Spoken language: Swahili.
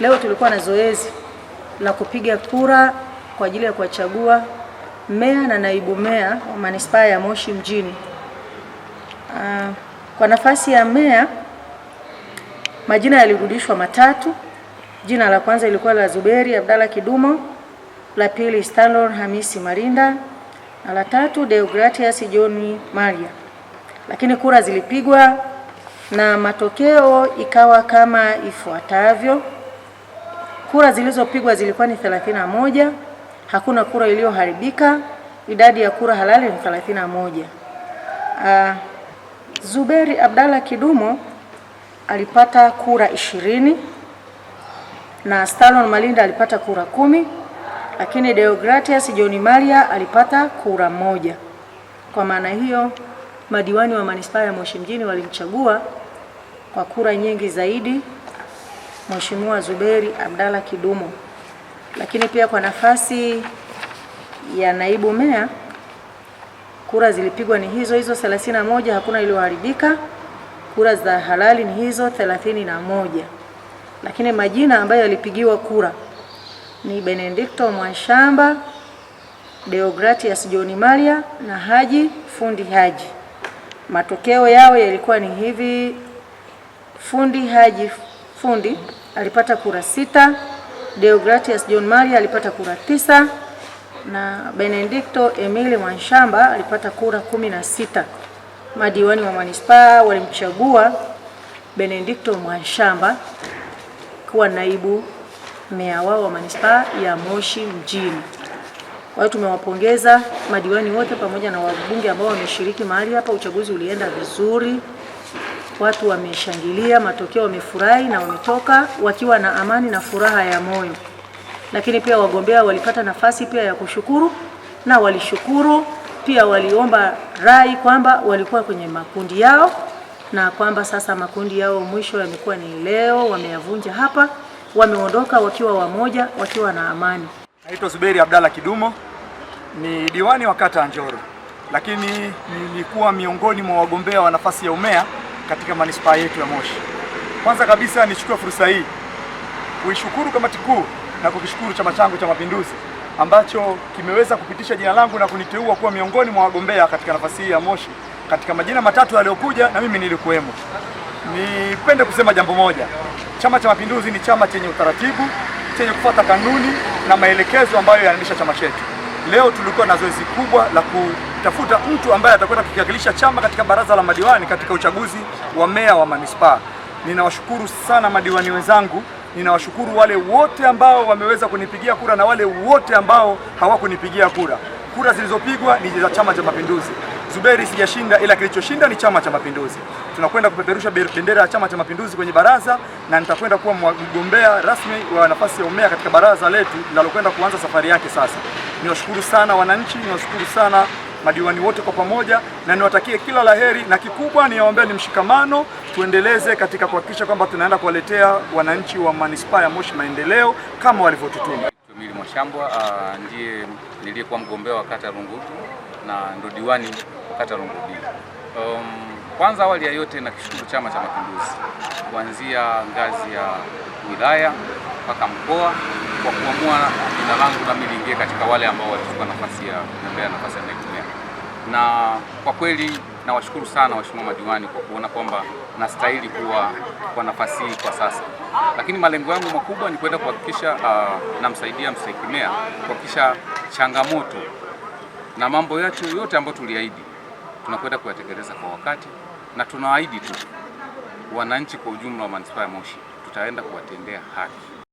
Leo tulikuwa na zoezi la kupiga kura kwa ajili ya kuwachagua meya na naibu meya wa manispaa ya Moshi mjini. Uh, kwa nafasi ya meya majina yalirudishwa matatu. Jina la kwanza ilikuwa la Zuberi Abdalla Kidumo, la pili Stanlon Hamisi Marinda na la tatu Deogratias John Maria, lakini kura zilipigwa na matokeo ikawa kama ifuatavyo. Kura zilizopigwa zilikuwa ni 31, hakuna kura iliyoharibika. Idadi ya kura halali ni 31. Uh, Zuberi Abdalla Kidumo alipata kura ishirini na Stalon Malinda alipata kura kumi, lakini Deogratias John Maria alipata kura moja. Kwa maana hiyo madiwani wa manispaa ya Moshi mjini walimchagua kwa kura nyingi zaidi. Mheshimiwa Zuberi Abdalla Kidumo. Lakini pia kwa nafasi ya naibu meya kura zilipigwa ni hizo hizo 31, hakuna iliyoharibika. Kura za halali ni hizo 31, lakini majina ambayo yalipigiwa kura ni Benedicto Mwashamba, Deogratias John maria na Haji Fundi Haji. Matokeo yao yalikuwa ni hivi: Fundi Haji Fundi alipata kura sita, deogratius John Maria alipata kura tisa na Benedicto Emile Mwanshamba alipata kura kumi na sita. Madiwani wa manispaa walimchagua Benedicto Mwanshamba kuwa naibu meya wao wa manispaa ya Moshi mjini. Kwa hiyo tumewapongeza madiwani wote pamoja na wabunge ambao wameshiriki mahali hapa. Uchaguzi ulienda vizuri watu wameshangilia matokeo, wamefurahi na wametoka wakiwa na amani na furaha ya moyo. Lakini pia wagombea walipata nafasi pia ya kushukuru na walishukuru pia, waliomba rai kwamba walikuwa kwenye makundi yao na kwamba sasa makundi yao mwisho yamekuwa ni leo, wameyavunja hapa, wameondoka wakiwa wamoja, wakiwa na amani. Naitwa Zuberi Abdalla Kidumo, ni diwani wa kata ya Njoro, lakini nilikuwa miongoni mwa wagombea wa nafasi ya umea katika manispaa yetu ya Moshi. Kwanza kabisa nichukue fursa hii kuishukuru kamati kuu na kukishukuru chama changu cha Mapinduzi ambacho kimeweza kupitisha jina langu na kuniteua kuwa miongoni mwa wagombea katika nafasi hii ya Moshi katika majina matatu yaliyokuja na mimi nilikuwemo. Nipende kusema jambo moja, Chama cha Mapinduzi ni chama chenye utaratibu, chenye kufuata kanuni na maelekezo ambayo yanaendesha chama chetu. Leo tulikuwa na zoezi kubwa la ku kumtafuta mtu ambaye atakwenda kukiwakilisha chama katika baraza la madiwani katika uchaguzi wa meya wa manispaa. Ninawashukuru sana madiwani wenzangu, ninawashukuru wale wote ambao wameweza kunipigia kura na wale wote ambao hawakunipigia kura. Kura zilizopigwa ni za Chama cha Mapinduzi. Zuberi sijashinda, ila kilichoshinda ni Chama cha Mapinduzi. Tunakwenda kupeperusha bendera ya Chama cha Mapinduzi kwenye baraza, na nitakwenda kuwa mgombea rasmi wa nafasi ya umea katika baraza letu linalokwenda kuanza safari yake sasa. Niwashukuru sana wananchi, niwashukuru sana madiwani wote kwa pamoja, na niwatakie kila laheri, na kikubwa niwaombea ni mshikamano, tuendeleze katika kuhakikisha kwamba tunaenda kuwaletea wananchi wa manispaa ya Moshi maendeleo kama walivyotutuma. Mimi Mwashambwa ah, ndiye niliyekuwa mgombea wa kata Rungutu na ndo diwani wa kata Rungutu. Um, kwanza awali ya yote na kishukuru Chama cha Mapinduzi kuanzia ngazi ya wilaya mpaka mkoa kwa kuamua jina langu nami liingie katika wale ambao walichukua nafasi ya kugombea nafasi ya naibu meya. Na kwa kweli nawashukuru sana waheshimiwa madiwani kwa kuona kwamba nastahili kuwa kwa nafasi hii kwa sasa, lakini malengo yangu makubwa ni kwenda kuhakikisha uh, namsaidia mstahiki meya kuhakikisha changamoto na mambo yetu yote ambayo tuliahidi tunakwenda kuyatekeleza kwa wakati, na tunaahidi tu wananchi kwa ujumla wa manispaa ya Moshi tutaenda kuwatendea haki.